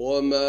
وما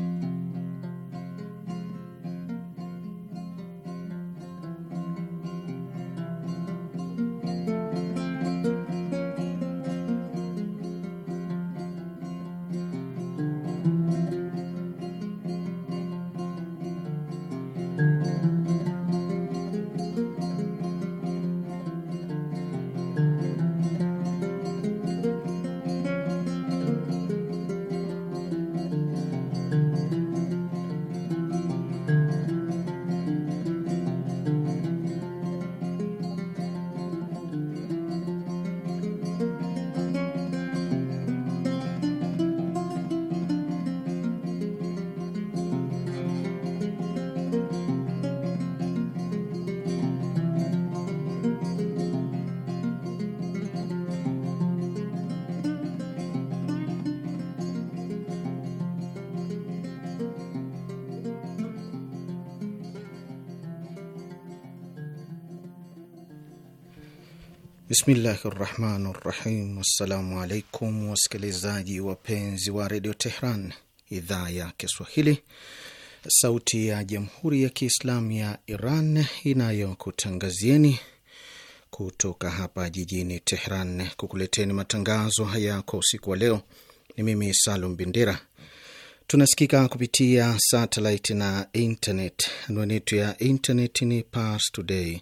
Bismillahi rahmani rahim. Wassalamu alaikum wasikilizaji wapenzi wa redio Tehran, idhaa ya Kiswahili, sauti ya jamhuri ya Kiislamu ya Iran inayokutangazieni kutoka hapa jijini Tehran kukuleteni matangazo haya kwa usiku wa leo. Ni mimi Salum bindira Tunasikika kupitia satellite na internet. Anwani yetu ya internet ni Pars Today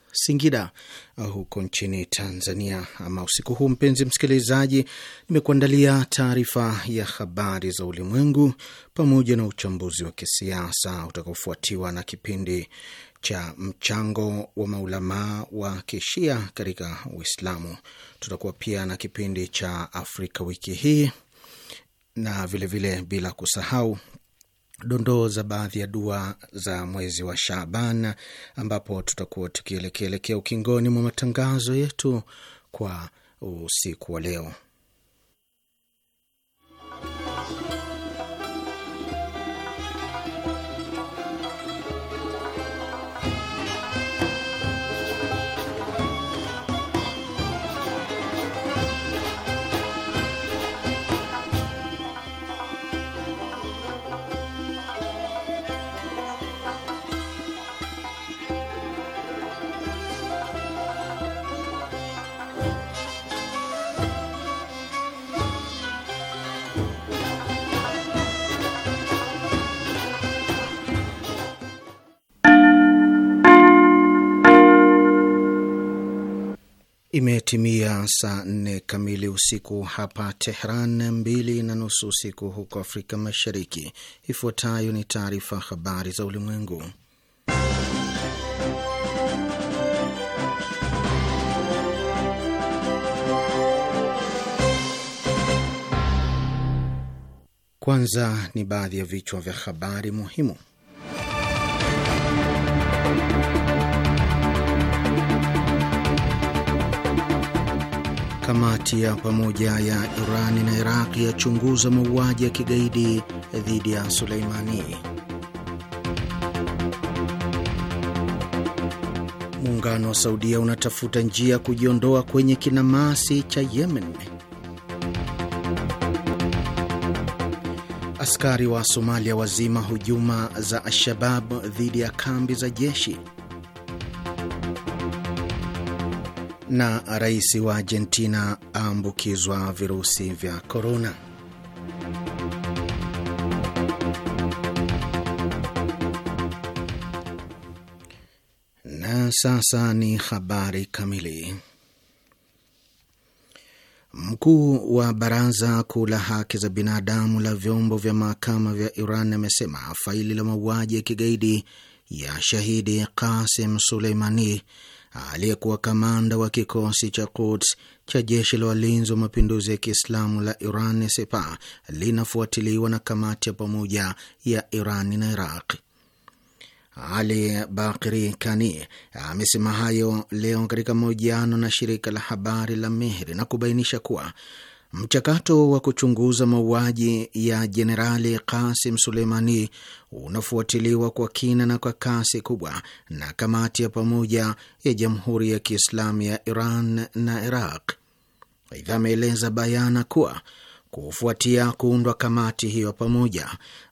Singida uh, huko nchini Tanzania. Ama usiku huu, mpenzi msikilizaji, nimekuandalia taarifa ya habari za ulimwengu pamoja na uchambuzi wa kisiasa utakaofuatiwa na kipindi cha mchango wa maulamaa wa kishia katika Uislamu. Tutakuwa pia na kipindi cha Afrika wiki hii na vilevile vile, bila kusahau dondoo za baadhi ya dua za mwezi wa shaban ambapo tutakuwa tukielekeelekea ukingoni mwa matangazo yetu kwa usiku wa leo. Imetimia saa nne kamili usiku hapa Tehran, mbili na nusu usiku huko Afrika Mashariki. Ifuatayo ni taarifa habari za ulimwengu, kwanza ni baadhi ya vichwa vya habari muhimu. Kamati ya pamoja ya Iran na Iraq yachunguza mauaji ya kigaidi dhidi ya Suleimani. Muungano wa Saudia unatafuta njia kujiondoa kwenye kinamasi cha Yemen. Askari wa Somalia wazima hujuma za Alshabab dhidi ya kambi za jeshi. na rais wa Argentina aambukizwa virusi vya korona. Na sasa ni habari kamili. Mkuu wa baraza kuu la haki za binadamu la vyombo vya mahakama vya Iran amesema faili la mauaji ya kigaidi ya shahidi Kasim Suleimani aliyekuwa kamanda wa kikosi cha Quds cha jeshi la walinzi wa mapinduzi ya Kiislamu la Iran sepa linafuatiliwa na kamati ya pamoja ya Iran na Iraq. Ali Bakri Kani amesema hayo leo katika mahojiano na shirika la habari la Mehri na kubainisha kuwa Mchakato wa kuchunguza mauaji ya Jenerali Kasim Suleimani unafuatiliwa kwa kina na kwa kasi kubwa na kamati ya pamoja ya Jamhuri ya Kiislamu ya Iran na Iraq. Aidha, ameeleza bayana kuwa kufuatia kuundwa kamati hiyo pamoja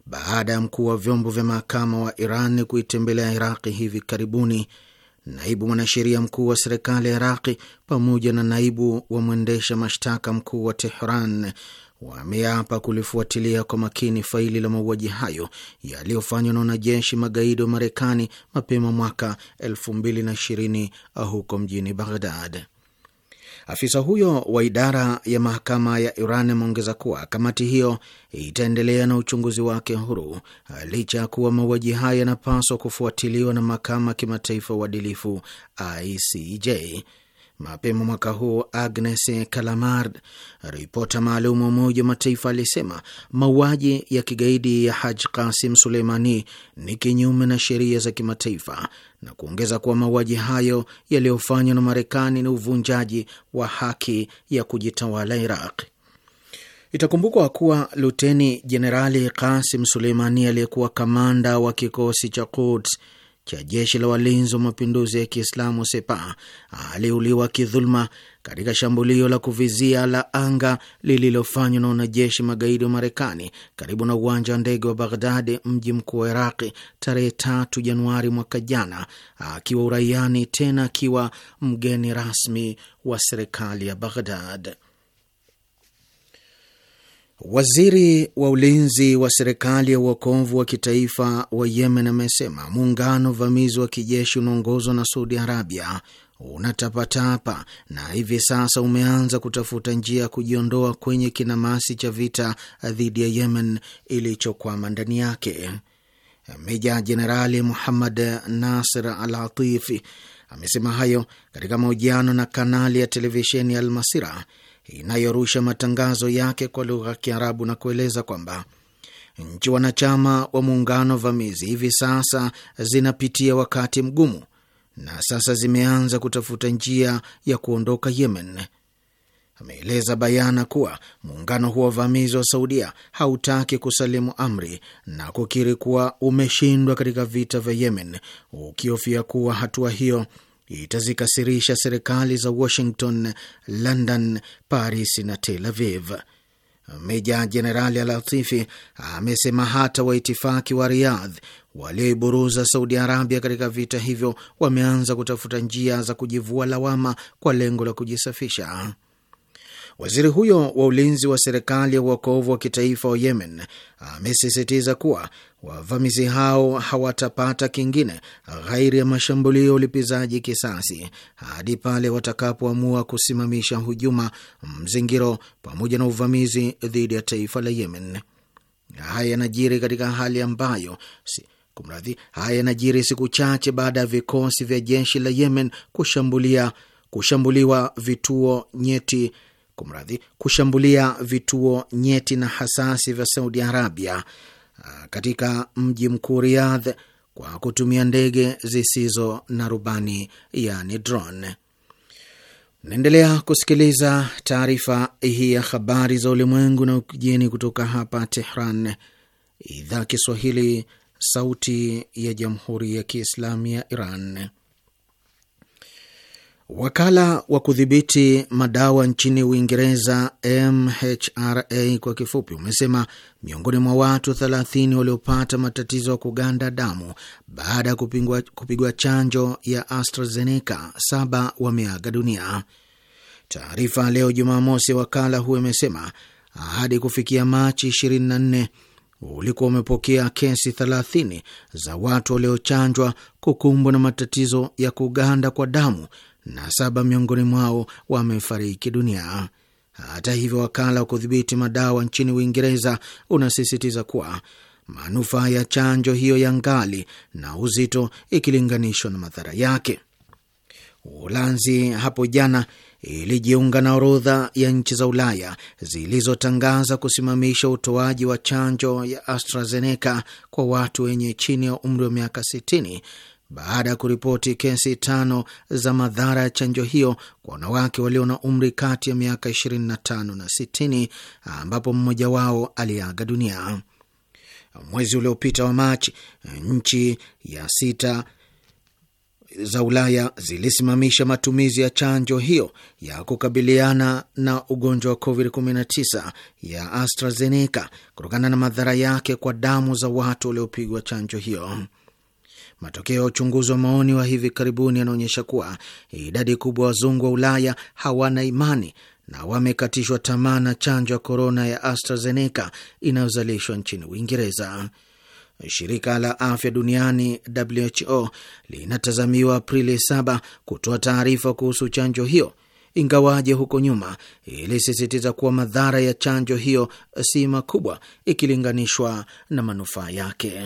baada ya mkuu wa vyombo vya mahakama wa Iran kuitembelea Iraqi hivi karibuni naibu mwanasheria mkuu wa serikali ya Iraqi pamoja na naibu wa mwendesha mashtaka mkuu wa Tehran wameapa kulifuatilia kwa makini faili la mauaji hayo yaliyofanywa na wanajeshi magaidi wa Marekani mapema mwaka 2020 huko mjini Baghdad. Afisa huyo wa idara ya mahakama ya Iran ameongeza kuwa kamati hiyo itaendelea na uchunguzi wake huru licha ya kuwa mauaji haya yanapaswa kufuatiliwa na mahakama ya kimataifa uadilifu ICJ. Mapema mwaka huu, Agnes Kalamard, ripota maalum wa Umoja wa Mataifa, alisema mauaji ya kigaidi ya Haj Kasim Suleimani ni kinyume na sheria za kimataifa na kuongeza kuwa mauaji hayo yaliyofanywa na Marekani ni uvunjaji wa haki ya kujitawala Iraq. Itakumbukwa kuwa Luteni Jenerali Kasim Suleimani aliyekuwa kamanda wa kikosi cha Quds cha jeshi la walinzi wa mapinduzi ya Kiislamu Sepa aliuliwa kidhuluma katika shambulio la kuvizia la anga lililofanywa na wanajeshi magaidi wa Marekani karibu na uwanja wa ndege wa Baghdadi, mji mkuu wa Iraqi, tarehe tatu Januari mwaka jana, akiwa uraiani, tena akiwa mgeni rasmi wa serikali ya Baghdad. Waziri wa ulinzi wa serikali ya uokovu wa kitaifa wa Yemen amesema muungano vamizi wa kijeshi unaongozwa na Saudi Arabia unatapatapa na hivi sasa umeanza kutafuta njia ya kujiondoa kwenye kinamasi cha vita dhidi ya Yemen ilichokwama ndani yake. Meja Jenerali Muhammad Nasir Al Atifi amesema hayo katika mahojiano na kanali ya televisheni ya Almasira inayorusha matangazo yake kwa lugha ya Kiarabu na kueleza kwamba nchi wanachama wa muungano vamizi hivi sasa zinapitia wakati mgumu na sasa zimeanza kutafuta njia ya kuondoka Yemen. Ameeleza bayana kuwa muungano huo wavamizi wa Saudia hautaki kusalimu amri na kukiri kuwa umeshindwa katika vita vya Yemen, ukihofia kuwa hatua hiyo itazikasirisha serikali za Washington, London, Paris na Tel Aviv. Meja Jenerali Alatifi amesema hata waitifaki wa Riyadh walioiburuza Saudi Arabia katika vita hivyo wameanza kutafuta njia za kujivua lawama kwa lengo la kujisafisha. Waziri huyo wa ulinzi wa serikali ya uokovu wa kitaifa wa Yemen amesisitiza kuwa wavamizi hao hawatapata kingine ghairi ya mashambulio ya ulipizaji kisasi hadi pale watakapoamua kusimamisha hujuma, mzingiro pamoja na uvamizi dhidi ya taifa la Yemen. Haya yanajiri katika hali ambayo si kumradhi, haya yanajiri siku chache baada ya vikosi vya jeshi la Yemen kushambulia kushambuliwa vituo nyeti kumradhi, kushambulia vituo nyeti na hasasi vya Saudi Arabia uh, katika mji mkuu Riyadh kwa kutumia ndege zisizo na rubani yani drone. Naendelea kusikiliza taarifa hii ya habari za ulimwengu na ukijeni kutoka hapa Tehran, idhaa Kiswahili, sauti ya jamhuri ya kiislamu ya Iran. Wakala wa kudhibiti madawa nchini Uingereza, MHRA kwa kifupi, umesema miongoni mwa watu 30 waliopata matatizo ya kuganda damu baada ya kupigwa chanjo ya AstraZeneca, saba wameaga dunia. Taarifa leo Jumamosi wakala huo imesema hadi kufikia Machi 24 ulikuwa umepokea kesi 30 za watu waliochanjwa kukumbwa na matatizo ya kuganda kwa damu na saba miongoni mwao wamefariki dunia. Hata hivyo, wakala wa kudhibiti madawa nchini Uingereza unasisitiza kuwa manufaa ya chanjo hiyo ya ngali na uzito ikilinganishwa na madhara yake. Uholanzi hapo jana ilijiunga na orodha ya nchi za Ulaya zilizotangaza kusimamisha utoaji wa chanjo ya AstraZeneca kwa watu wenye chini ya umri wa miaka 60 baada ya kuripoti kesi tano za madhara ya chanjo hiyo kwa wanawake walio na umri kati ya miaka 25 na 60, ambapo mmoja wao aliaga dunia mwezi uliopita wa Machi. Nchi ya sita za Ulaya zilisimamisha matumizi ya chanjo hiyo ya kukabiliana na ugonjwa wa COVID-19 ya AstraZeneca kutokana na madhara yake kwa damu za watu waliopigwa chanjo hiyo. Matokeo ya uchunguzi wa maoni wa hivi karibuni yanaonyesha kuwa idadi kubwa wazungu wa Ulaya hawana imani na wamekatishwa tamaa na chanjo ya korona ya AstraZeneca inayozalishwa nchini Uingereza. Shirika la afya duniani WHO linatazamiwa Aprili 7 kutoa taarifa kuhusu chanjo hiyo, ingawaje huko nyuma ilisisitiza kuwa madhara ya chanjo hiyo si makubwa ikilinganishwa na manufaa yake.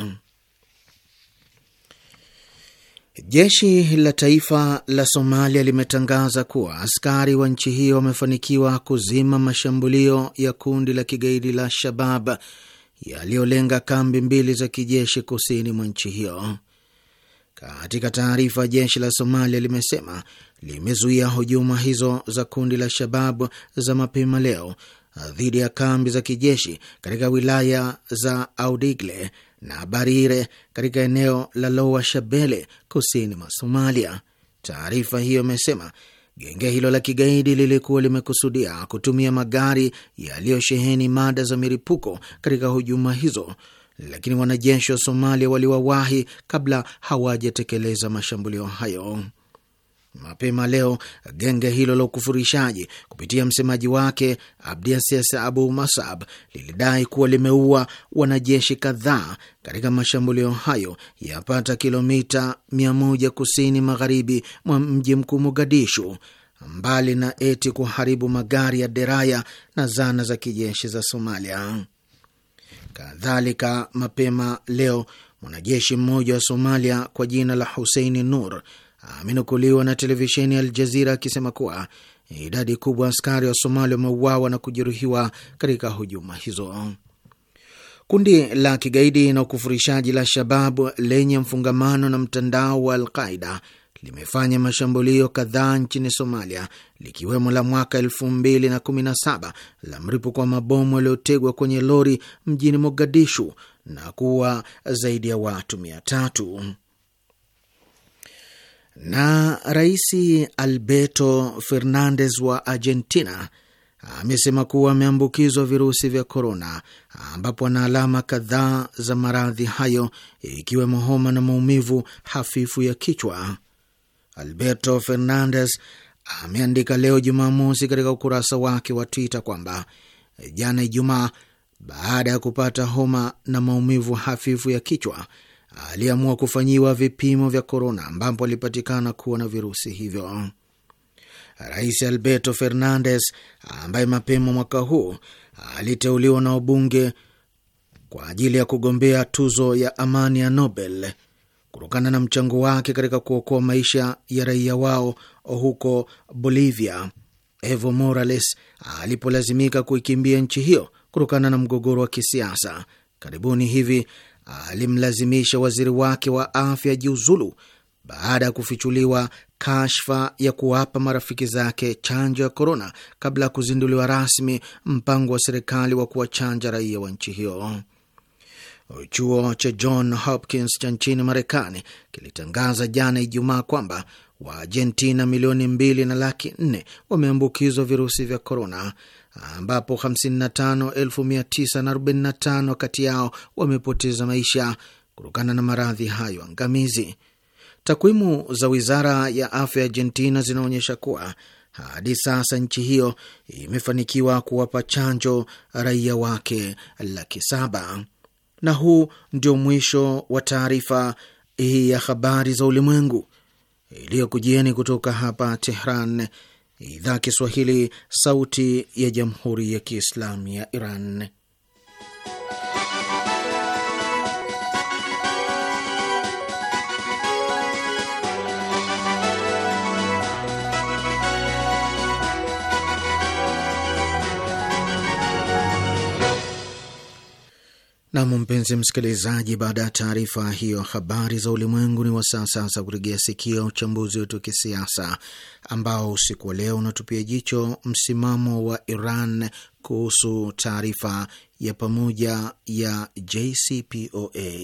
Jeshi la taifa la Somalia limetangaza kuwa askari wa nchi hiyo wamefanikiwa kuzima mashambulio ya kundi la kigaidi la Shabab yaliyolenga kambi mbili za kijeshi kusini mwa nchi hiyo. Katika taarifa, jeshi la Somalia limesema limezuia hujuma hizo za kundi la Shabab za mapema leo dhidi ya kambi za kijeshi katika wilaya za Audigle, na Barire katika eneo la Lowa Shabele kusini mwa Somalia. Taarifa hiyo imesema genge hilo la kigaidi lilikuwa limekusudia kutumia magari yaliyosheheni mada za milipuko katika hujuma hizo, lakini wanajeshi wa Somalia waliwawahi kabla hawajatekeleza mashambulio hayo. Mapema leo genge hilo la ukufurishaji kupitia msemaji wake Abdiasis Abu Masab lilidai kuwa limeua wanajeshi kadhaa katika mashambulio hayo yapata kilomita 100 kusini magharibi mwa mji mkuu Mogadishu, mbali na eti kuharibu magari ya deraya na zana za kijeshi za Somalia. Kadhalika, mapema leo mwanajeshi mmoja wa Somalia kwa jina la Huseini Nur amenukuliwa na televisheni ya Aljazira akisema kuwa idadi kubwa askari wa Somalia wameuawa na kujeruhiwa katika hujuma hizo. Kundi la kigaidi na ukufurishaji la Shababu lenye mfungamano na mtandao wa Alqaida limefanya mashambulio kadhaa nchini Somalia, likiwemo la mwaka 217 la mripuko wa mabomu yaliyotegwa kwenye lori mjini Mogadishu na kuwa zaidi ya watu mia tatu. Na Rais Alberto Fernandez wa Argentina amesema kuwa ameambukizwa virusi vya korona, ambapo ana alama kadhaa za maradhi hayo ikiwemo homa na maumivu hafifu ya kichwa. Alberto Fernandez ameandika leo Jumamosi katika ukurasa wake wa Twitter kwamba jana Ijumaa, baada ya kupata homa na maumivu hafifu ya kichwa aliamua kufanyiwa vipimo vya korona, ambapo alipatikana kuwa na virusi hivyo. Rais Alberto Fernandez ambaye mapema mwaka huu aliteuliwa na wabunge kwa ajili ya kugombea tuzo ya amani ya Nobel kutokana na mchango wake katika kuokoa maisha ya raia wao huko Bolivia, Evo Morales alipolazimika kuikimbia nchi hiyo kutokana na mgogoro wa kisiasa. Karibuni hivi alimlazimisha waziri wake wa afya jiuzulu baada ya kufichuliwa kashfa ya kuwapa marafiki zake chanjo ya korona kabla ya kuzinduliwa rasmi mpango wa serikali wa kuwachanja raia wa nchi hiyo. Chuo cha John Hopkins cha nchini Marekani kilitangaza jana Ijumaa kwamba Waargentina milioni mbili na laki nne wameambukizwa virusi vya korona ambapo 55945 kati yao wamepoteza maisha kutokana na maradhi hayo angamizi. Takwimu za wizara ya afya ya Argentina zinaonyesha kuwa hadi sasa nchi hiyo imefanikiwa kuwapa chanjo raia wake laki saba. Na huu ndio mwisho wa taarifa hii ya habari za ulimwengu iliyokujieni kutoka hapa Tehran, idhaa Kiswahili, sauti ya jamhuri ya kiislamu ya Iran. Nam, mpenzi msikilizaji, baada ya taarifa hiyo habari za ulimwengu, ni wasaa sasa kuregea sikio uchambuzi wetu wa kisiasa ambao usiku wa leo unatupia jicho msimamo wa Iran kuhusu taarifa ya pamoja ya JCPOA.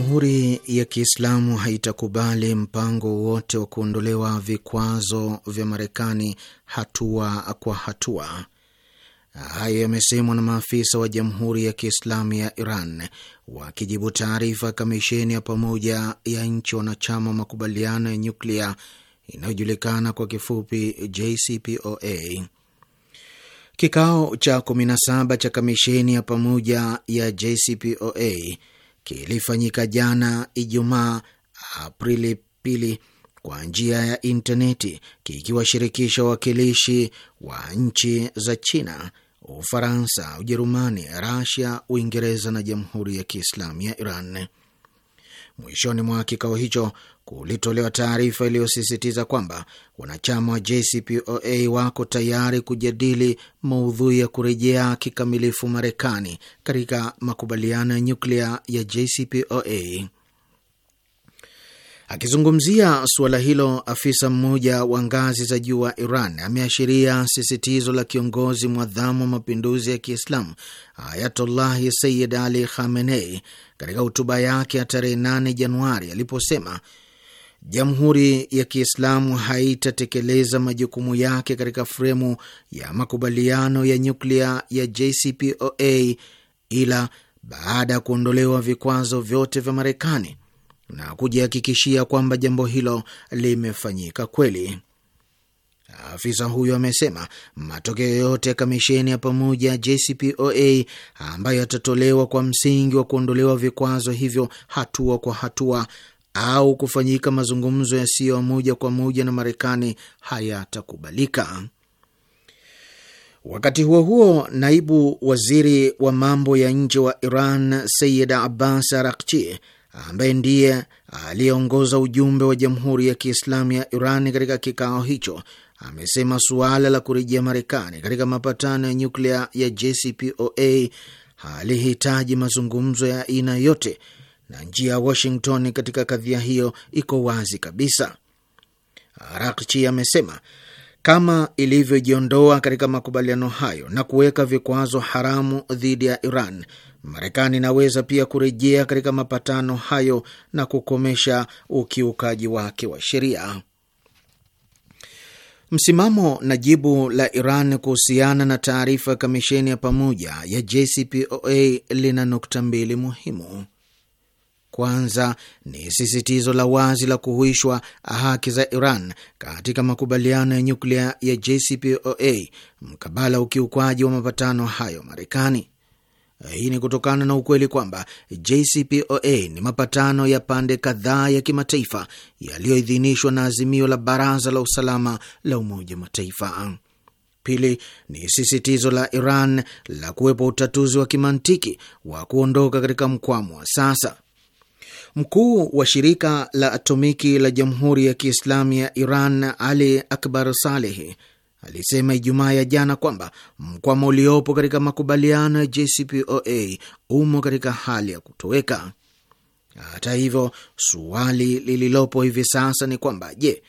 Jamhuri ya Kiislamu haitakubali mpango wote wa kuondolewa vikwazo vya Marekani hatua kwa hatua. Hayo yamesemwa na maafisa wa Jamhuri ya Kiislamu ya Iran wakijibu taarifa ya kamisheni ya pamoja ya nchi wanachama makubaliano ya nyuklia inayojulikana kwa kifupi JCPOA. Kikao cha 17 cha kamisheni ya pamoja ya JCPOA kilifanyika jana Ijumaa Aprili pili kwa njia ya intaneti kikiwashirikisha wawakilishi wa nchi za China, Ufaransa, Ujerumani, Rasia, Uingereza na Jamhuri ya Kiislamu ya Iran. Mwishoni mwa kikao hicho kulitolewa taarifa iliyosisitiza kwamba wanachama wa JCPOA wako tayari kujadili maudhui ya kurejea kikamilifu Marekani katika makubaliano ya nyuklia ya JCPOA. Akizungumzia suala hilo, afisa mmoja wa ngazi za juu wa Iran ameashiria sisitizo la kiongozi mwadhamu wa mapinduzi ya Kiislamu Ayatollahi Sayyid Ali Khamenei katika hotuba yake ya tarehe 8 Januari aliposema Jamhuri ya Kiislamu haitatekeleza majukumu yake katika fremu ya makubaliano ya nyuklia ya JCPOA ila baada ya kuondolewa vikwazo vyote vya Marekani na kujihakikishia kwamba jambo hilo limefanyika kweli. Afisa huyo amesema matokeo yote ya kamisheni ya pamoja JCPOA ambayo yatatolewa kwa msingi wa kuondolewa vikwazo hivyo hatua kwa hatua au kufanyika mazungumzo yasiyo ya moja kwa moja na Marekani hayatakubalika. Wakati huo huo, naibu waziri wa mambo ya nje wa Iran Sayid Abbas Arakchi, ambaye ndiye aliyeongoza ujumbe wa Jamhuri ya Kiislamu ya Iran katika kikao hicho, amesema suala la kurejea Marekani katika mapatano ya nyuklia ya JCPOA halihitaji mazungumzo ya aina yote na njia ya Washington katika kadhia hiyo iko wazi kabisa. Arakchi amesema kama ilivyojiondoa katika makubaliano hayo na kuweka vikwazo haramu dhidi ya Iran, Marekani inaweza pia kurejea katika mapatano hayo na kukomesha ukiukaji wake wa sheria. Msimamo na jibu la Iran kuhusiana na taarifa ya kamisheni ya pamoja ya JCPOA lina nukta mbili muhimu kwanza ni sisitizo la wazi la kuhuishwa haki za Iran katika makubaliano ya nyuklia ya JCPOA mkabala ukiukwaji wa mapatano hayo Marekani. Hii ni kutokana na ukweli kwamba JCPOA ni mapatano ya pande kadhaa ya kimataifa yaliyoidhinishwa na azimio la Baraza la Usalama la Umoja wa Mataifa. Pili ni sisitizo la Iran la kuwepo utatuzi wa kimantiki wa kuondoka katika mkwamo wa sasa. Mkuu wa shirika la atomiki la Jamhuri ya Kiislamu ya Iran Ali Akbar Salehi alisema Ijumaa ya jana kwamba mkwama uliopo katika makubaliano ya JCPOA umo katika hali ya kutoweka. Hata hivyo, suali lililopo hivi sasa ni kwamba je,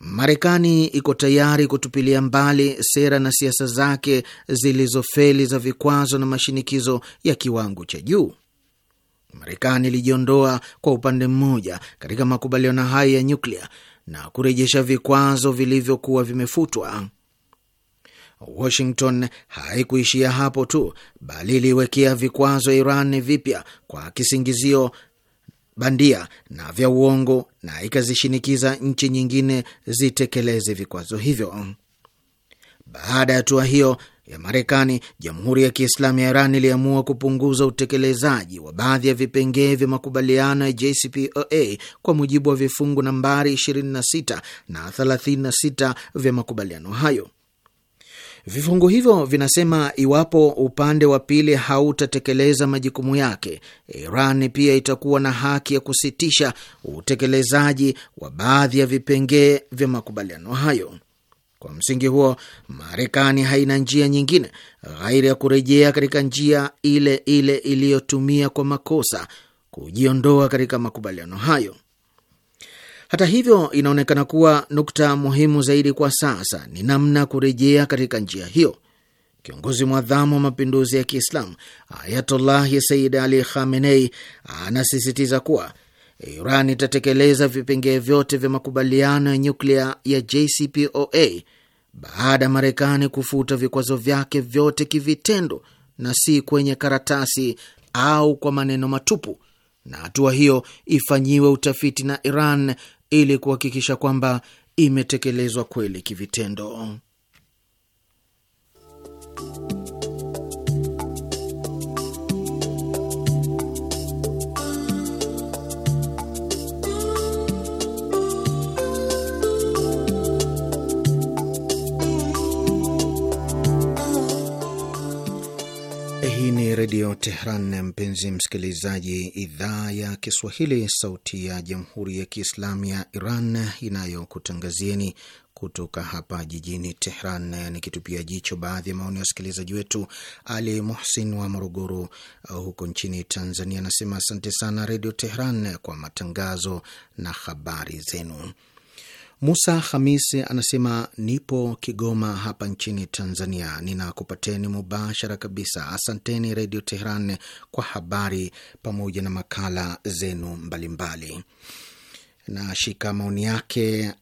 Marekani iko tayari kutupilia mbali sera na siasa zake zilizofeli za vikwazo na mashinikizo ya kiwango cha juu? Marekani ilijiondoa kwa upande mmoja katika makubaliano hayo ya nyuklia na kurejesha vikwazo vilivyokuwa vimefutwa. Washington haikuishia hapo tu, bali iliwekea vikwazo Iran vipya kwa kisingizio bandia na vya uongo na ikazishinikiza nchi nyingine zitekeleze vikwazo hivyo. Baada ya hatua hiyo, ya Marekani, Jamhuri ya Kiislamu ya Iran iliamua kupunguza utekelezaji wa baadhi ya vipengee vya makubaliano ya JCPOA kwa mujibu wa vifungu nambari 26 na 36 vya makubaliano hayo. Vifungu hivyo vinasema iwapo upande wa pili hautatekeleza majukumu yake, Iran pia itakuwa na haki ya kusitisha utekelezaji wa baadhi ya vipengee vya makubaliano hayo. Kwa msingi huo, Marekani haina njia nyingine ghairi ya kurejea katika njia ile ile iliyotumia kwa makosa kujiondoa katika makubaliano hayo. Hata hivyo, inaonekana kuwa nukta muhimu zaidi kwa sasa ni namna ya kurejea katika njia hiyo. Kiongozi mwadhamu wa mapinduzi ya Kiislamu Ayatollah Sayyid Ali Khamenei anasisitiza kuwa Iran itatekeleza vipengee vyote vya makubaliano ya nyuklia ya JCPOA baada ya Marekani kufuta vikwazo vyake vyote kivitendo na si kwenye karatasi au kwa maneno matupu, na hatua hiyo ifanyiwe utafiti na Iran ili kuhakikisha kwamba imetekelezwa kweli kivitendo. Redio Tehran. Mpenzi msikilizaji, idhaa ya Kiswahili, sauti ya jamhuri ya Kiislamu ya Iran inayokutangazieni kutoka hapa jijini Tehran. Nikitupia jicho baadhi ya maoni ya wasikilizaji wetu, Ali Muhsin wa Morogoro uh, huko nchini Tanzania anasema asante sana Redio Tehran kwa matangazo na habari zenu. Musa Hamisi anasema nipo Kigoma hapa nchini Tanzania, ninakupateni mubashara kabisa. Asanteni Redio Tehran kwa habari pamoja na makala zenu mbalimbali. Nashika maoni yake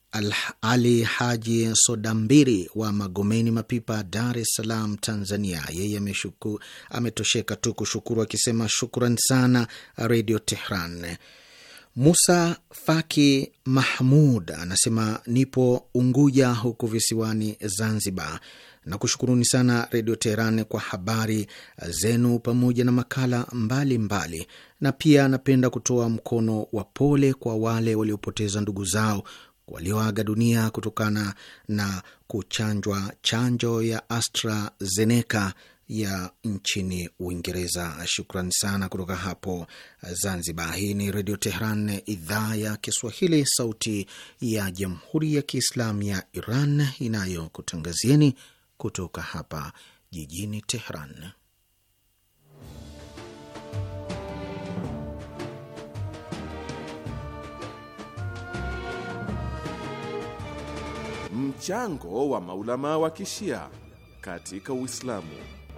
Ali Haji Sodambiri wa Magomeni Mapipa, Dar es Salaam, Tanzania. Yeye ametosheka tu kushukuru akisema shukran sana Redio Tehran. Musa Faki Mahmud anasema nipo Unguja huku visiwani Zanzibar. Nakushukuruni sana Redio Teheran kwa habari zenu pamoja na makala mbalimbali mbali. Na pia napenda kutoa mkono wa pole kwa wale waliopoteza ndugu zao walioaga dunia kutokana na kuchanjwa chanjo ya AstraZeneca ya nchini Uingereza. Shukran sana kutoka hapo Zanzibar. Hii ni Redio Tehran, idhaa ya Kiswahili, sauti ya Jamhuri ya kiislam ya Iran inayokutangazieni kutoka hapa jijini Tehran. Mchango wa maulama wa kishia katika Uislamu.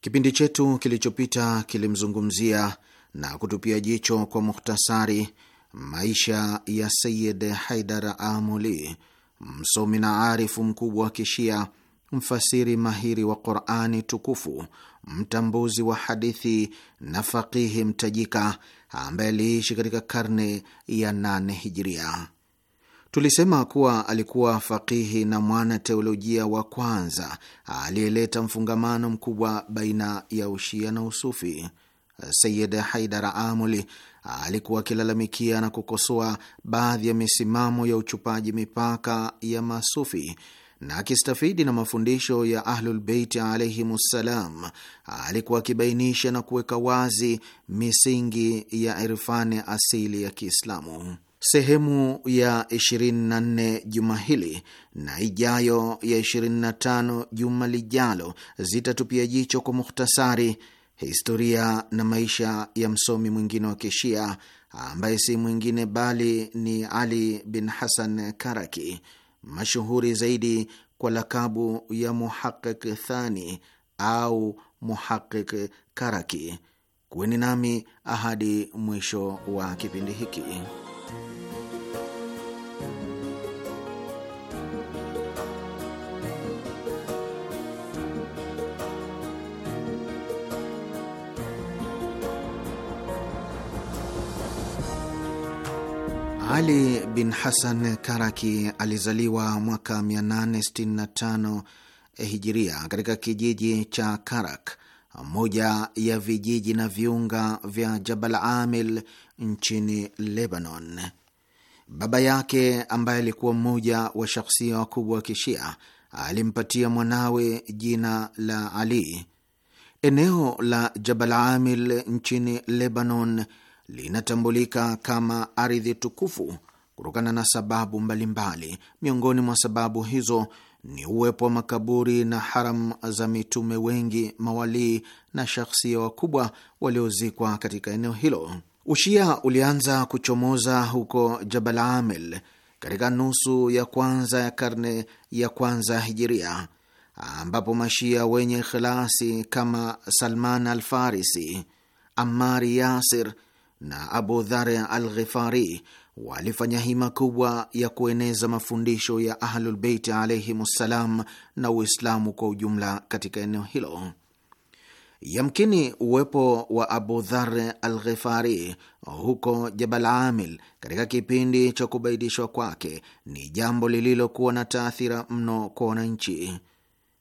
Kipindi chetu kilichopita kilimzungumzia na kutupia jicho kwa muhtasari maisha ya Sayid Haidar Amuli, msomi na arifu mkubwa wa Kishia, mfasiri mahiri wa Qurani Tukufu, mtambuzi wa hadithi na faqihi mtajika, ambaye aliishi katika karne ya nane Hijiria. Tulisema kuwa alikuwa fakihi na mwana teolojia wa kwanza aliyeleta mfungamano mkubwa baina ya ushia na usufi. Sayid haidar Amuli alikuwa akilalamikia na kukosoa baadhi ya misimamo ya uchupaji mipaka ya masufi na akistafidi na mafundisho ya Ahlulbeiti ssalam, alikuwa akibainisha na kuweka wazi misingi ya irfani asili ya Kiislamu sehemu ya 24 juma hili na ijayo ya 25 juma lijalo zitatupia jicho kwa muhtasari historia na maisha ya msomi mwingine wa Kishia ambaye si mwingine bali ni Ali bin Hasan Karaki, mashuhuri zaidi kwa lakabu ya Muhaqiq Thani au Muhaqiq Karaki. Kuweni nami ahadi mwisho wa kipindi hiki. Ali bin Hasan Karaki alizaliwa mwaka 865 eh, hijiria katika kijiji cha Karak, moja ya vijiji na viunga vya Jabal Amil nchini Lebanon. Baba yake ambaye alikuwa mmoja wa shakhsia wakubwa wa Kishia alimpatia mwanawe jina la Ali. Eneo la Jabal Amil nchini Lebanon linatambulika kama ardhi tukufu kutokana na sababu mbalimbali mbali. Miongoni mwa sababu hizo ni uwepo wa makaburi na haram za mitume wengi, mawalii na shakhsia wakubwa waliozikwa katika eneo hilo. Ushia ulianza kuchomoza huko Jabal Amel katika nusu ya kwanza ya karne ya kwanza Hijiria, ambapo mashia wenye ikhlasi kama Salman alfarisi Amari Yasir na Abu Dhar al Ghifari walifanya hima kubwa ya kueneza mafundisho ya Ahlulbeiti ssalam na Uislamu kwa ujumla katika eneo hilo. Yamkini uwepo wa Abu Dhar al Ghifari huko Jabal Amil katika kipindi cha kubaidishwa kwake ni jambo lililokuwa na taathira mno kwa wananchi.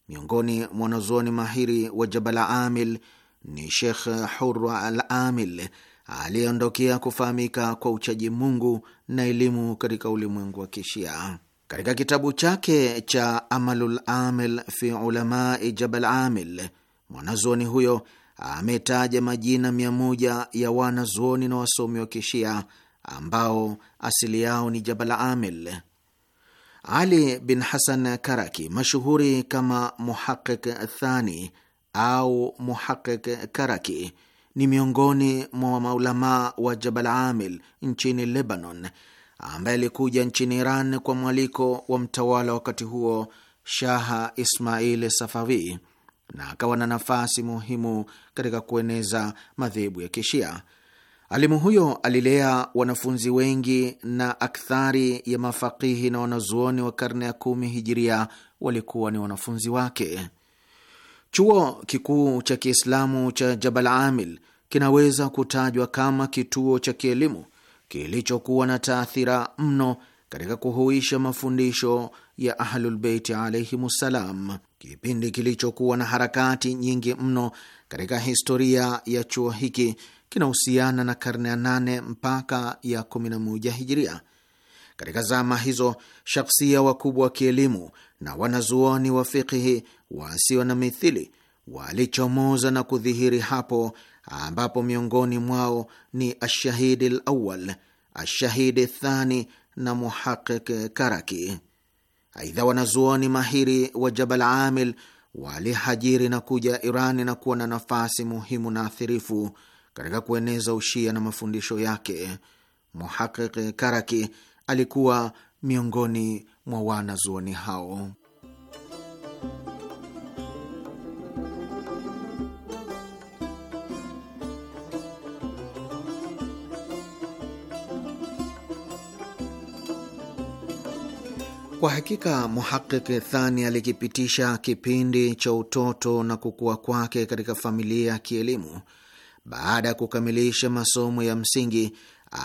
Miongoni mwa wanazuoni mahiri wa Jabal Amil ni Shekh Hurra al Amil aliyeondokea kufahamika kwa uchaji Mungu na elimu katika ulimwengu wa Kishia. Katika kitabu chake cha Amalul Amil fi Ulamai Jabal Amil, mwanazuoni huyo ametaja majina mia moja ya wanazuoni na wasomi wa Kishia ambao asili yao ni Jabal Amil. Ali bin Hasan Karaki, mashuhuri kama Muhaqiq Thani au Muhaqiq Karaki, ni miongoni mwa maulamaa wa Jabal Amil nchini Lebanon, ambaye alikuja nchini Iran kwa mwaliko wa mtawala wakati huo Shaha Ismail Safawi na akawa na nafasi muhimu katika kueneza madhehebu ya Kishia. Alimu huyo alilea wanafunzi wengi na akthari ya mafakihi na wanazuoni wa karne ya kumi hijiria walikuwa ni wanafunzi wake. Chuo kikuu cha Kiislamu cha Jabal Amil kinaweza kutajwa kama kituo cha kielimu kilichokuwa na taathira mno katika kuhuisha mafundisho ya Ahlulbeiti alaihimussalam, kipindi kilichokuwa na harakati nyingi mno katika historia ya chuo hiki kinahusiana na karne ya nane mpaka ya kumi na moja hijiria. Katika zama hizo shakhsia wakubwa wa kielimu na wanazuoni wa fikhi wasio na mithili walichomoza na kudhihiri hapo ambapo miongoni mwao ni Ashahidi Lawal, Ashahidi Thani na Muhaqiq Karaki. Aidha, wanazuoni mahiri wa Jabal Amil walihajiri na kuja Irani na kuwa na nafasi muhimu na athirifu katika kueneza ushia na mafundisho yake. Muhaqiq Karaki alikuwa miongoni mwa wanazuoni hao. Kwa hakika Muhaqiq Thani alikipitisha kipindi cha utoto na kukua kwake katika familia ya kielimu. Baada ya kukamilisha masomo ya msingi,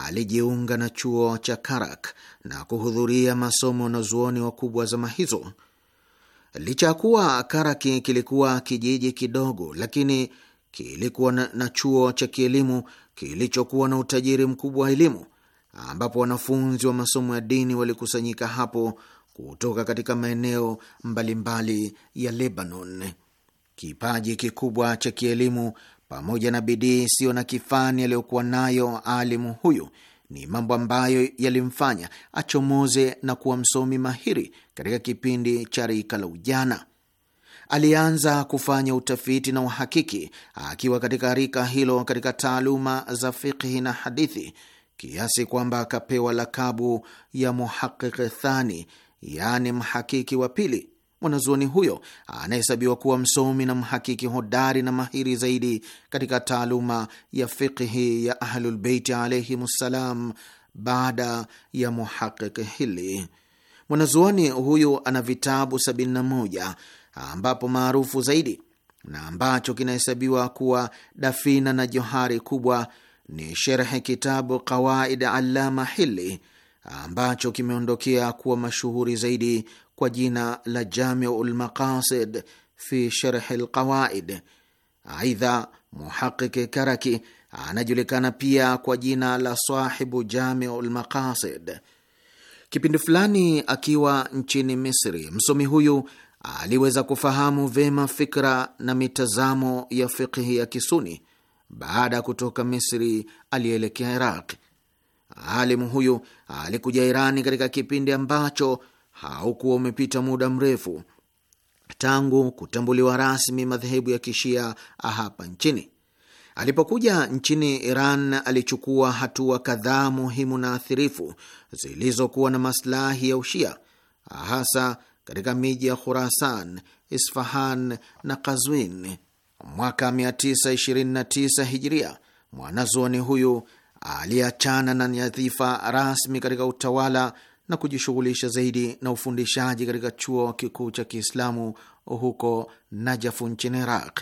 alijiunga na chuo cha Karak na kuhudhuria masomo na zuoni wakubwa zama hizo. Licha ya kuwa Karaki kilikuwa kijiji kidogo, lakini kilikuwa na, na chuo cha kielimu kilichokuwa na utajiri mkubwa wa elimu ambapo wanafunzi wa masomo ya dini walikusanyika hapo kutoka katika maeneo mbalimbali ya Lebanon. Kipaji kikubwa cha kielimu pamoja na bidii isiyo na kifani aliyokuwa nayo alimu huyu ni mambo ambayo yalimfanya achomoze na kuwa msomi mahiri katika kipindi cha rika la ujana. Alianza kufanya utafiti na uhakiki akiwa katika rika hilo katika taaluma za fiqhi na hadithi, kiasi kwamba akapewa lakabu ya Muhaqiq Thani, yaani mhakiki wa pili. Mwanazuoni huyo anahesabiwa kuwa msomi na mhakiki hodari na mahiri zaidi katika taaluma ya fiqhi ya Ahlulbeiti ssalam baada ya muhaqiq Hili. Mwanazuoni huyu ana vitabu 71 ambapo maarufu zaidi na ambacho kinahesabiwa kuwa dafina na johari kubwa ni sherhe kitabu Qawaid Allama Hili ambacho kimeondokea kuwa mashuhuri zaidi kwa jina la Jamiu lMaqasid fi Sharhi lQawaid. Aidha, muhaqiq Karaki anajulikana pia kwa jina la sahibu Jamiu lMaqasid. Kipindi fulani akiwa nchini Misri, msomi huyu aliweza kufahamu vyema fikra na mitazamo ya fikhi ya Kisuni. Baada ya kutoka Misri, alielekea Iraq. Alimu huyu alikuja Irani katika kipindi ambacho haukuwa umepita muda mrefu tangu kutambuliwa rasmi madhehebu ya kishia hapa nchini. Alipokuja nchini Iran alichukua hatua kadhaa muhimu na athirifu zilizokuwa na maslahi ya Ushia, hasa katika miji ya Khurasan, Isfahan na Kazwin. Mwaka 929 Hijria, mwanazuoni huyu aliyeachana na nyadhifa rasmi katika utawala na kujishughulisha zaidi na ufundishaji katika chuo kikuu cha Kiislamu huko Najafu nchini Iraq.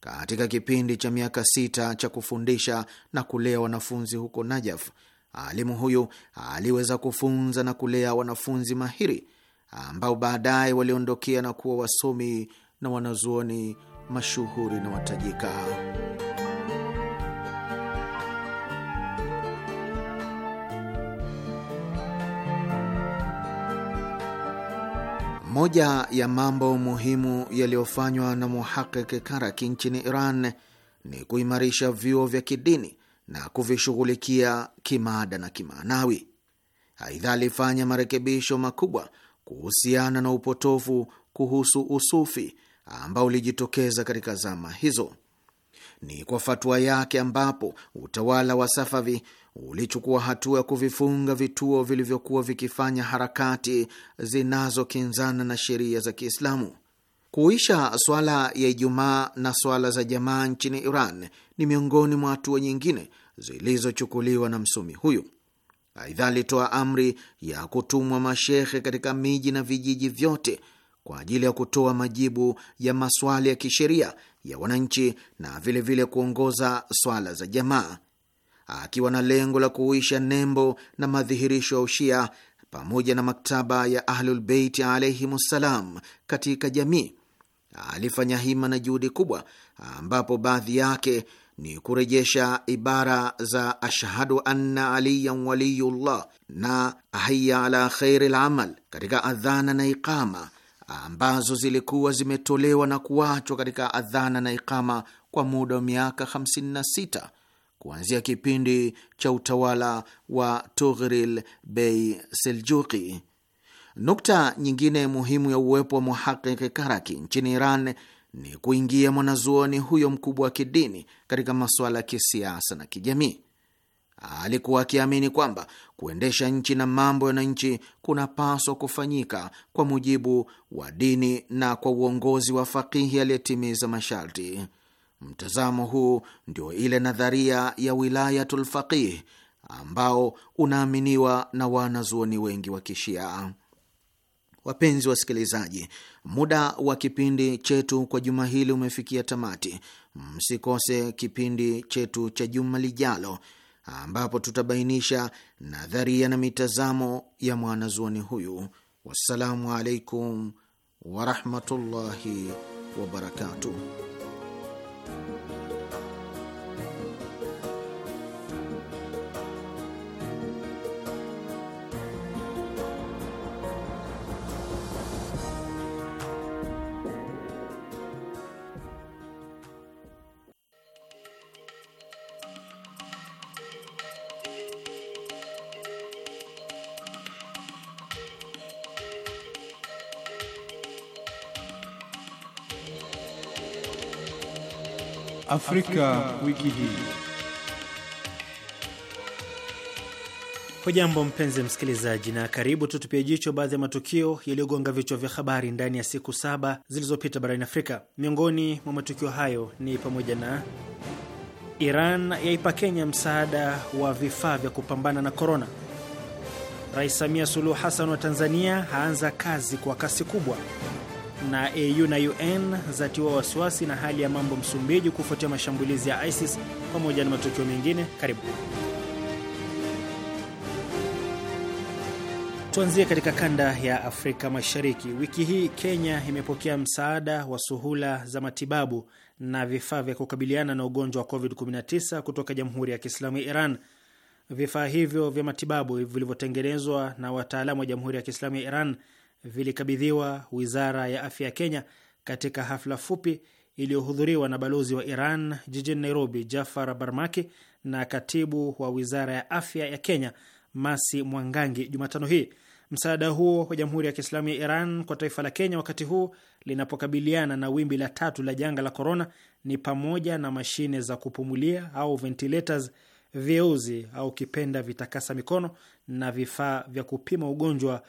Katika kipindi cha miaka sita cha kufundisha na kulea wanafunzi huko Najaf, alimu huyu aliweza kufunza na kulea wanafunzi mahiri ambao baadaye waliondokea na kuwa wasomi na wanazuoni mashuhuri na watajika. Moja ya mambo muhimu yaliyofanywa na Muhakiki Karaki nchini Iran ni kuimarisha vyuo vya kidini na kuvishughulikia kimaada na kimaanawi. Aidha, alifanya marekebisho makubwa kuhusiana na upotofu kuhusu usufi ambao ulijitokeza katika zama hizo. Ni kwa fatua yake ambapo utawala wa Safavi ulichukua hatua ya kuvifunga vituo vilivyokuwa vikifanya harakati zinazokinzana na sheria za Kiislamu. Kuisha swala ya Ijumaa na swala za jamaa nchini Iran ni miongoni mwa hatua nyingine zilizochukuliwa na msomi huyu. Aidha, alitoa amri ya kutumwa mashehe katika miji na vijiji vyote kwa ajili ya kutoa majibu ya maswali ya kisheria ya wananchi na vilevile vile kuongoza swala za jamaa akiwa na lengo la kuisha nembo na madhihirisho ya Ushia pamoja na maktaba ya Ahlulbeiti ssalam katika jamii. Alifanya hima na juhudi kubwa, ambapo baadhi yake ni kurejesha ibara za ashhadu anna aliyan waliyullah na haya ala khairi lamal katika adhana na iqama ambazo zilikuwa zimetolewa na kuachwa katika adhana na iqama kwa muda wa miaka 56 kuanzia kipindi cha utawala wa Tughril Bey Seljuki. Nukta nyingine muhimu ya uwepo wa Muhaqiki Karaki nchini Iran ni kuingia mwanazuoni huyo mkubwa wa kidini katika masuala ya kisiasa na kijamii. Alikuwa akiamini kwamba kuendesha nchi na mambo ya wananchi kunapaswa kufanyika kwa mujibu wa dini na kwa uongozi wa fakihi aliyetimiza masharti. Mtazamo huu ndio ile nadharia ya wilayatul faqih ambao unaaminiwa na wanazuoni wengi wa Kishia. Wapenzi wasikilizaji, muda wa kipindi chetu kwa juma hili umefikia tamati. Msikose kipindi chetu cha juma lijalo, ambapo tutabainisha nadharia na mitazamo ya mwanazuoni huyu. Wassalamu alaikum warahmatullahi wabarakatuh. Afrika wiki hii. Hujambo mpenzi msikilizaji, na karibu tutupie jicho baadhi ya matukio yaliyogonga vichwa vya habari ndani ya siku saba zilizopita barani Afrika. Miongoni mwa matukio hayo ni pamoja na Iran yaipa Kenya msaada wa vifaa vya kupambana na korona, Rais Samia Suluhu Hassan wa Tanzania haanza kazi kwa kasi kubwa na AU na UN zatiwa wasiwasi na hali ya mambo Msumbiji kufuatia mashambulizi ya ISIS pamoja na matukio mengine. Karibu tuanzie katika kanda ya Afrika Mashariki. Wiki hii Kenya imepokea msaada wa suhula za matibabu na vifaa vya kukabiliana na ugonjwa wa COVID-19 kutoka Jamhuri ya Kiislamu ya Iran. Vifaa hivyo vya matibabu vilivyotengenezwa na wataalamu wa Jamhuri ya Kiislamu ya Iran vilikabidhiwa wizara ya afya ya Kenya katika hafla fupi iliyohudhuriwa na balozi wa Iran jijini Nairobi, Jafar Barmaki, na katibu wa wizara ya afya ya Kenya, Masi Mwangangi, Jumatano hii. Msaada huo wa Jamhuri ya Kiislamu ya Iran kwa taifa la Kenya wakati huu linapokabiliana na wimbi la tatu la janga la korona ni pamoja na mashine za kupumulia au ventilators, vyeuzi au kipenda vitakasa mikono na vifaa vya kupima ugonjwa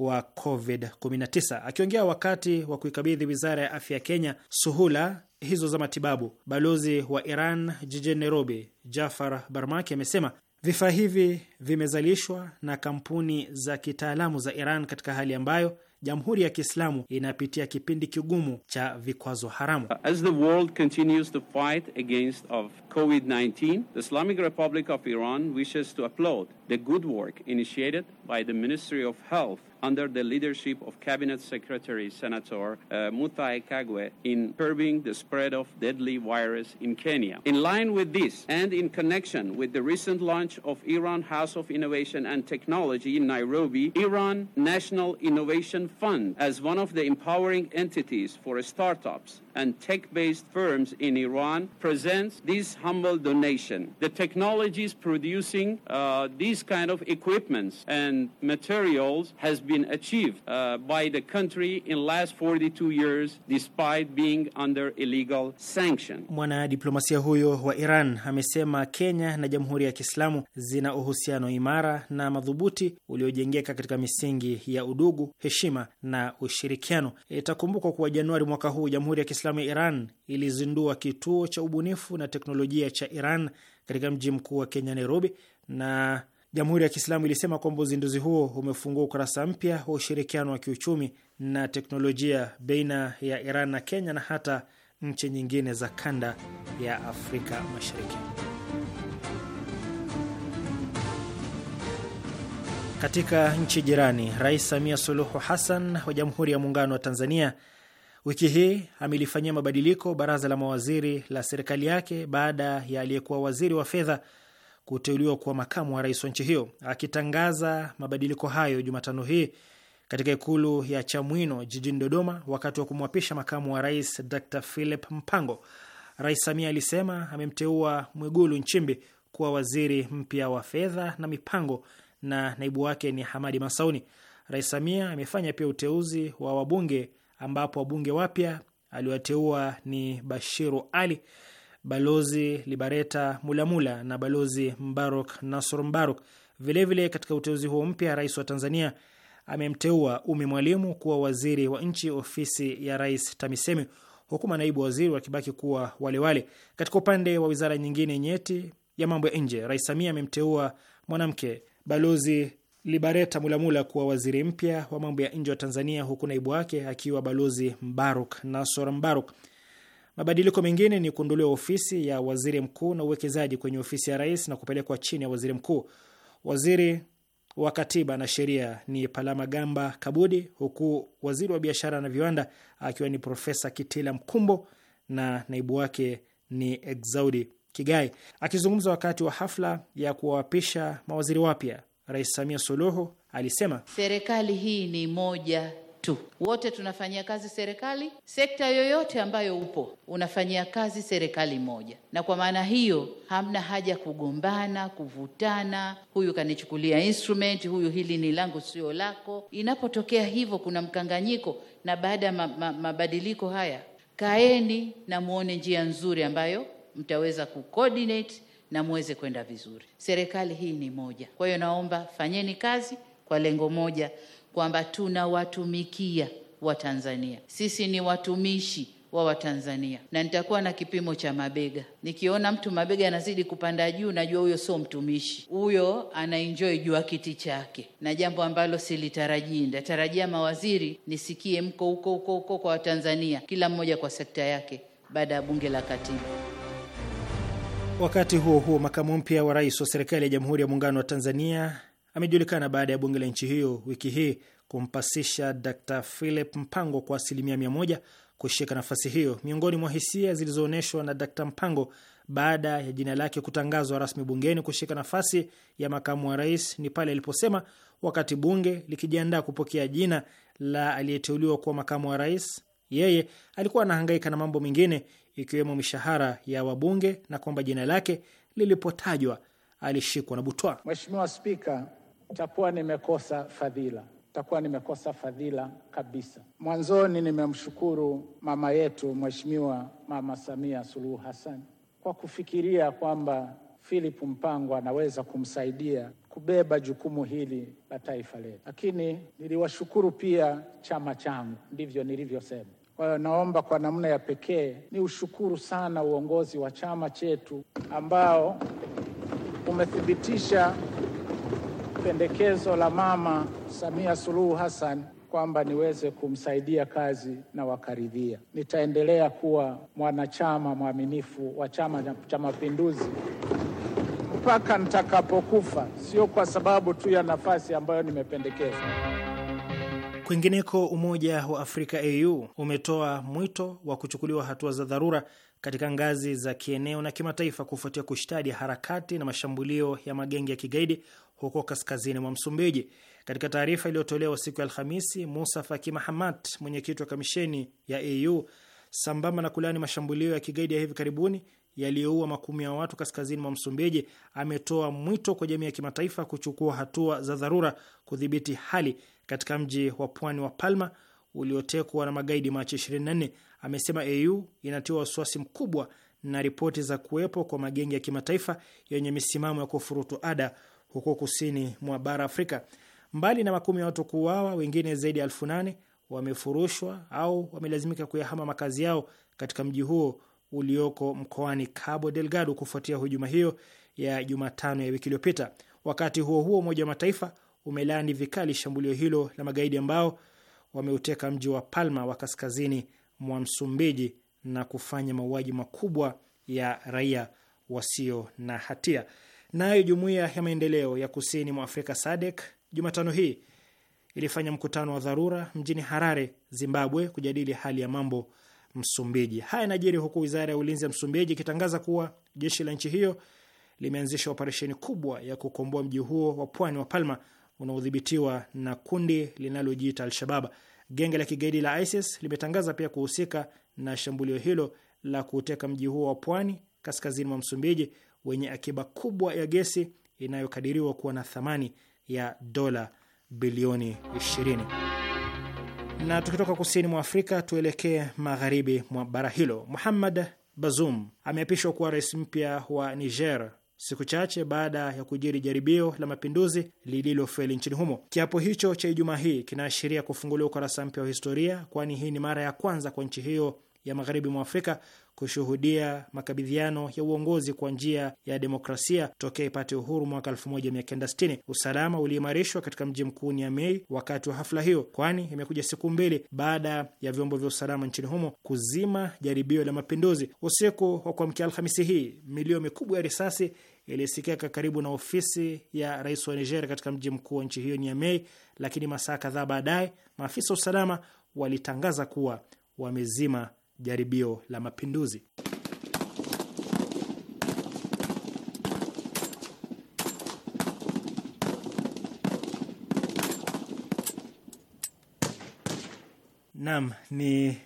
wa COVID-19. Akiongea wakati wa kuikabidhi wizara ya afya ya Kenya suhula hizo za matibabu, balozi wa Iran jijini Nairobi, Jafar Barmaki, amesema vifaa hivi vimezalishwa na kampuni za kitaalamu za Iran katika hali ambayo Jamhuri ya Kiislamu inapitia kipindi kigumu cha vikwazo haramu. As the world continues to fight against of COVID-19, the Islamic Republic of Iran wishes to applaud the good work initiated by the Ministry of Health under the leadership of Cabinet Secretary Senator uh, Kagwe in curbing the spread of deadly virus in Kenya. In line with this, and in connection with the recent launch of Iran House of Innovation and Technology in Nairobi, Iran National Innovation Fund as one of the empowering entities for startups and tech-based firms in Iran presents this humble donation. The technologies producing uh, these kind of equipments and materials has been been achieved uh, by the country in last 42 years despite being under illegal sanction. Mwanadiplomasia huyo wa Iran amesema Kenya na Jamhuri ya Kiislamu zina uhusiano imara na madhubuti uliojengeka katika misingi ya udugu, heshima na ushirikiano. Itakumbukwa kuwa Januari mwaka huu Jamhuri ya Kiislamu ya Iran ilizindua kituo cha ubunifu na teknolojia cha Iran katika mji mkuu wa Kenya Nairobi na Jamhuri ya Kiislamu ilisema kwamba uzinduzi huo umefungua ukurasa mpya wa ushirikiano wa kiuchumi na teknolojia baina ya Iran na Kenya na hata nchi nyingine za kanda ya Afrika Mashariki. Katika nchi jirani, Rais Samia Suluhu Hassan wa Jamhuri ya Muungano wa Tanzania wiki hii amelifanyia mabadiliko baraza la mawaziri la serikali yake baada ya aliyekuwa waziri wa fedha kuteuliwa kuwa makamu wa rais wa nchi hiyo. Akitangaza mabadiliko hayo Jumatano hii katika ikulu ya Chamwino jijini Dodoma, wakati wa kumwapisha makamu wa rais Dr Philip Mpango, Rais Samia alisema amemteua Mwigulu Nchimbi kuwa waziri mpya wa fedha na mipango na naibu wake ni Hamadi Masauni. Rais Samia amefanya pia uteuzi wa wabunge ambapo wabunge wapya aliwateua ni Bashiru Ali balozi Libareta Mulamula na balozi Mbarok Nasor Mbarok. Vilevile, katika uteuzi huo mpya, rais wa Tanzania amemteua Umi Mwalimu kuwa waziri wa nchi ofisi ya rais TAMISEMI, huku manaibu waziri wakibaki kuwa walewale. Katika upande wa wizara nyingine nyeti ya mambo ya nje, rais Samia amemteua mwanamke balozi Libareta Mulamula kuwa waziri mpya wa mambo ya nje wa Tanzania, huku naibu wake akiwa balozi Mbaruk Nasor Mbaruk. Mabadiliko mengine ni kuondolewa ofisi ya waziri mkuu na uwekezaji kwenye ofisi ya rais na kupelekwa chini ya waziri mkuu. Waziri wa katiba na sheria ni Palamagamba Kabudi, huku waziri wa biashara na viwanda akiwa ni Profesa Kitila Mkumbo na naibu wake ni Exaudi Kigai. Akizungumza wakati wa hafla ya kuwaapisha mawaziri wapya, Rais Samia Suluhu alisema serikali hii ni moja tu. Wote tunafanyia kazi serikali, sekta yoyote ambayo upo unafanyia kazi serikali moja, na kwa maana hiyo hamna haja kugombana, kuvutana, huyu kanichukulia instrument, huyu hili ni langu sio lako. Inapotokea hivyo kuna mkanganyiko, na baada ya ma, ma, mabadiliko haya, kaeni na muone njia nzuri ambayo mtaweza kucoordinate na muweze kwenda vizuri. Serikali hii ni moja, kwa hiyo naomba fanyeni kazi kwa lengo moja kwamba tunawatumikia Watanzania, sisi ni watumishi wa Watanzania na nitakuwa na kipimo cha mabega. Nikiona mtu mabega yanazidi kupanda juu, najua huyo sio mtumishi, huyo ana enjoy jua kiti chake, na jambo ambalo silitarajii. Nitatarajia mawaziri, nisikie mko huko huko huko kwa Watanzania, kila mmoja kwa sekta yake, baada ya bunge la katiba. Wakati huo huo, makamu mpya wa rais wa serikali ya Jamhuri ya Muungano wa Tanzania amejulikana baada ya bunge la nchi hiyo wiki hii kumpasisha Dr Philip Mpango kwa asilimia mia moja kushika nafasi hiyo. Miongoni mwa hisia zilizoonyeshwa na Dr Mpango baada ya jina lake kutangazwa rasmi bungeni kushika nafasi ya makamu wa rais ni pale aliposema wakati bunge likijiandaa kupokea jina la aliyeteuliwa kuwa makamu wa rais, yeye alikuwa anahangaika na mambo mengine ikiwemo mishahara ya wabunge na kwamba jina lake lilipotajwa alishikwa na butwa. Mheshimiwa Spika, takuwa nimekosa fadhila, takuwa nimekosa fadhila kabisa. Mwanzoni nimemshukuru mama yetu Mheshimiwa Mama Samia Suluhu Hassan kwa kufikiria kwamba Philip Mpango anaweza kumsaidia kubeba jukumu hili la taifa letu, lakini niliwashukuru pia chama changu, ndivyo nilivyosema. Kwa hiyo naomba kwa namna ya pekee ni ushukuru sana uongozi wa chama chetu ambao umethibitisha pendekezo la Mama Samia Suluhu Hassan kwamba niweze kumsaidia kazi na wakaridhia. Nitaendelea kuwa mwanachama mwaminifu wa Chama cha Mapinduzi mpaka nitakapokufa, sio kwa sababu tu ya nafasi ambayo nimependekezwa. Kwingineko, Umoja wa Afrika AU umetoa mwito wa kuchukuliwa hatua za dharura katika ngazi za kieneo na kimataifa kufuatia kushtadi harakati na mashambulio ya magenge ya kigaidi huko kaskazini mwa Msumbiji. Katika taarifa iliyotolewa siku ya Alhamisi, Musa Faki Mahamat, mwenyekiti wa kamisheni ya AU, sambamba na kulani mashambulio ya kigaidi ya hivi karibuni yaliyoua makumi ya watu kaskazini mwa Msumbiji, ametoa mwito kwa jamii ya kimataifa kuchukua hatua za dharura kudhibiti hali katika mji wa pwani wa Palma uliotekwa na magaidi Machi 24. Amesema AU inatiwa wasiwasi mkubwa na ripoti za kuwepo kwa magenge ya kimataifa yenye misimamo ya kufurutu ada huko kusini mwa bara Afrika. Mbali na makumi ya watu kuuawa, wengine zaidi ya elfu nane wamefurushwa au wamelazimika kuyahama makazi yao katika mji huo ulioko mkoani Cabo Delgado kufuatia hujuma hiyo ya Jumatano ya wiki iliyopita. Wakati huo huo, Umoja wa Mataifa umelaani vikali shambulio hilo la magaidi ambao wameuteka mji wa Palma wa kaskazini mwa Msumbiji na kufanya mauaji makubwa ya raia wasio na hatia. Nayo jumuiya ya maendeleo ya kusini mwa Afrika SADC Jumatano hii ilifanya mkutano wa dharura mjini Harare, Zimbabwe, kujadili hali ya mambo Msumbiji. Haya najiri huku wizara ya ulinzi ya Msumbiji ikitangaza kuwa jeshi la nchi hiyo limeanzisha operesheni kubwa ya kukomboa mji huo wa pwani wa Palma unaodhibitiwa na kundi linalojiita Alshababa. Genge la kigaidi la ISIS limetangaza pia kuhusika na shambulio hilo la kuuteka mji huo wa pwani kaskazini mwa Msumbiji wenye akiba kubwa ya gesi inayokadiriwa kuwa na thamani ya dola bilioni 20 na tukitoka kusini mwa Afrika tuelekee magharibi mwa bara hilo. Muhammad Bazoum ameapishwa kuwa rais mpya wa Niger siku chache baada ya kujiri jaribio la mapinduzi lililofeli nchini humo. Kiapo hicho cha Ijumaa hii kinaashiria kufunguliwa ukurasa mpya wa historia, kwani hii ni mara ya kwanza kwa nchi hiyo ya magharibi mwa Afrika kushuhudia makabidhiano ya uongozi kwa njia ya demokrasia tokea ipate uhuru mwaka 1960. Usalama uliimarishwa katika mji mkuu Niamey wakati wa hafla hiyo, kwani imekuja siku mbili baada ya vyombo vya usalama nchini humo kuzima jaribio la mapinduzi. Usiku wa kuamkia Alhamisi hii, milio mikubwa ya risasi ilisikika karibu na ofisi ya rais wa Niger katika mji mkuu wa nchi hiyo Niamey, lakini masaa kadhaa baadaye maafisa wa usalama walitangaza kuwa wamezima jaribio la mapinduzi. Naam, ni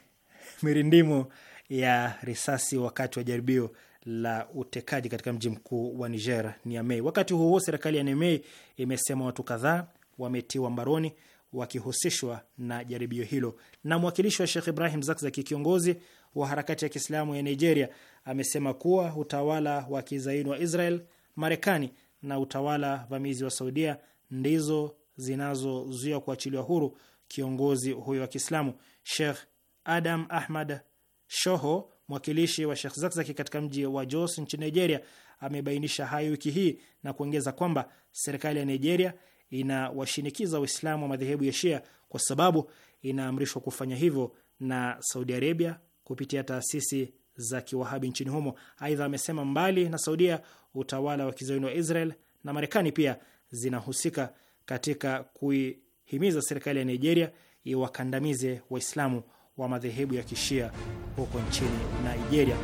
mirindimo ya risasi wakati wa jaribio la utekaji katika mji mkuu wa Niger, Niamey. Wakati huo huo, serikali ya Niamey imesema watu kadhaa wametiwa mbaroni wakihusishwa na jaribio hilo. Na mwakilishi wa Sheikh Ibrahim Zakzaki, kiongozi wa harakati ya Kiislamu ya Nigeria, amesema kuwa utawala wa kizaini wa Israel, Marekani na utawala vamizi wa Saudia ndizo zinazozuia kuachiliwa huru kiongozi huyo wa Kiislamu. Sheikh Adam Ahmad Shoho, mwakilishi wa Sheikh Zakzaki katika mji wa Jos nchini Nigeria, amebainisha hayo wiki hii na kuongeza kwamba serikali ya Nigeria inawashinikiza Waislamu wa madhehebu ya Shia kwa sababu inaamrishwa kufanya hivyo na Saudi Arabia kupitia taasisi za kiwahabi nchini humo. Aidha, amesema mbali na Saudia, utawala wa kizayuni wa Israel na Marekani pia zinahusika katika kuihimiza serikali ya Nigeria iwakandamize Waislamu wa madhehebu ya kishia huko nchini Nigeria.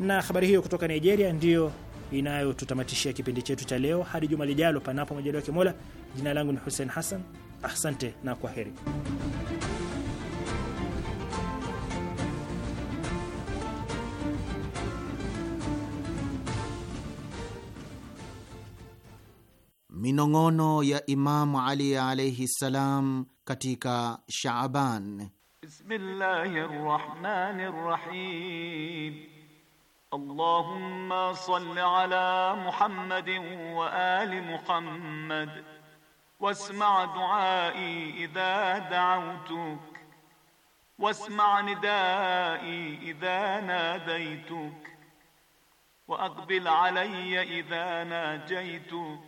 Na habari hiyo kutoka Nigeria ndiyo inayotutamatishia kipindi chetu cha leo. Hadi juma lijalo, panapo majaliwa ya Mola. Jina langu ni Hussein Hassan, asante na kwa heri. Minong'ono ya Imamu Ali alaihi salam katika Shaaban. Bismillahi rahmani rahim اللهم صل على محمد وآل محمد واسمع دعائي إذا دعوتك واسمع ندائي إذا ناديتك وأقبل علي إذا ناجيتك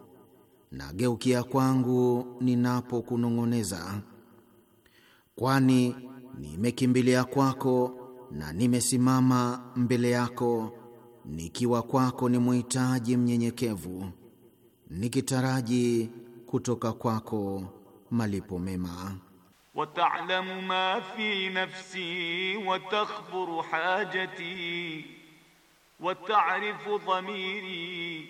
nageukia kwangu ninapokunong'oneza, kwani nimekimbilia kwako na nimesimama mbele yako nikiwa kwako ni mwhitaji mnyenyekevu, nikitaraji kutoka kwako malipo mema. wataalamu ma fi nafsi wa hajati wa ta'rifu dhamiri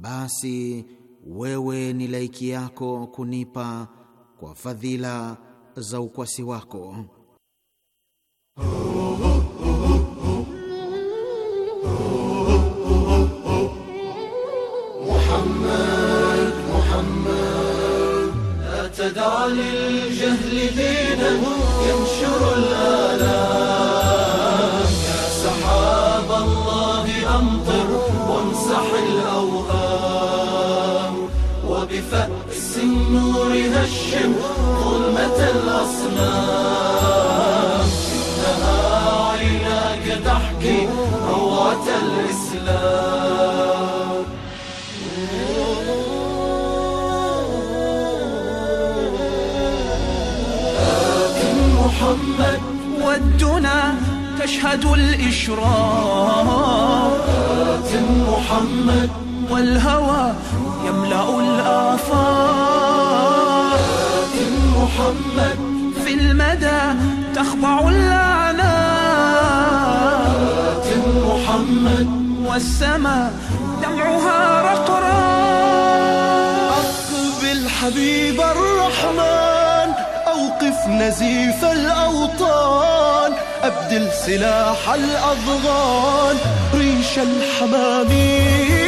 basi wewe ni laiki yako kunipa kwa fadhila za ukwasi wako. Muhammad, Muhammad, ya sahaba Allah amtir wamsah al-awham بفأس النور هشم ظلمة الأصنام إنها عيناك تحكي روعة الإسلام لكن محمد والدنا تشهد الإشراق آت محمد والهوى يملأ الآفاق محمد في المدى تخضع الاعلى محمد والسماء دمعها رقرا أقبل حبيب الرحمن أوقف نزيف الأوطان أبدل سلاح الأضغان ريش الحمامين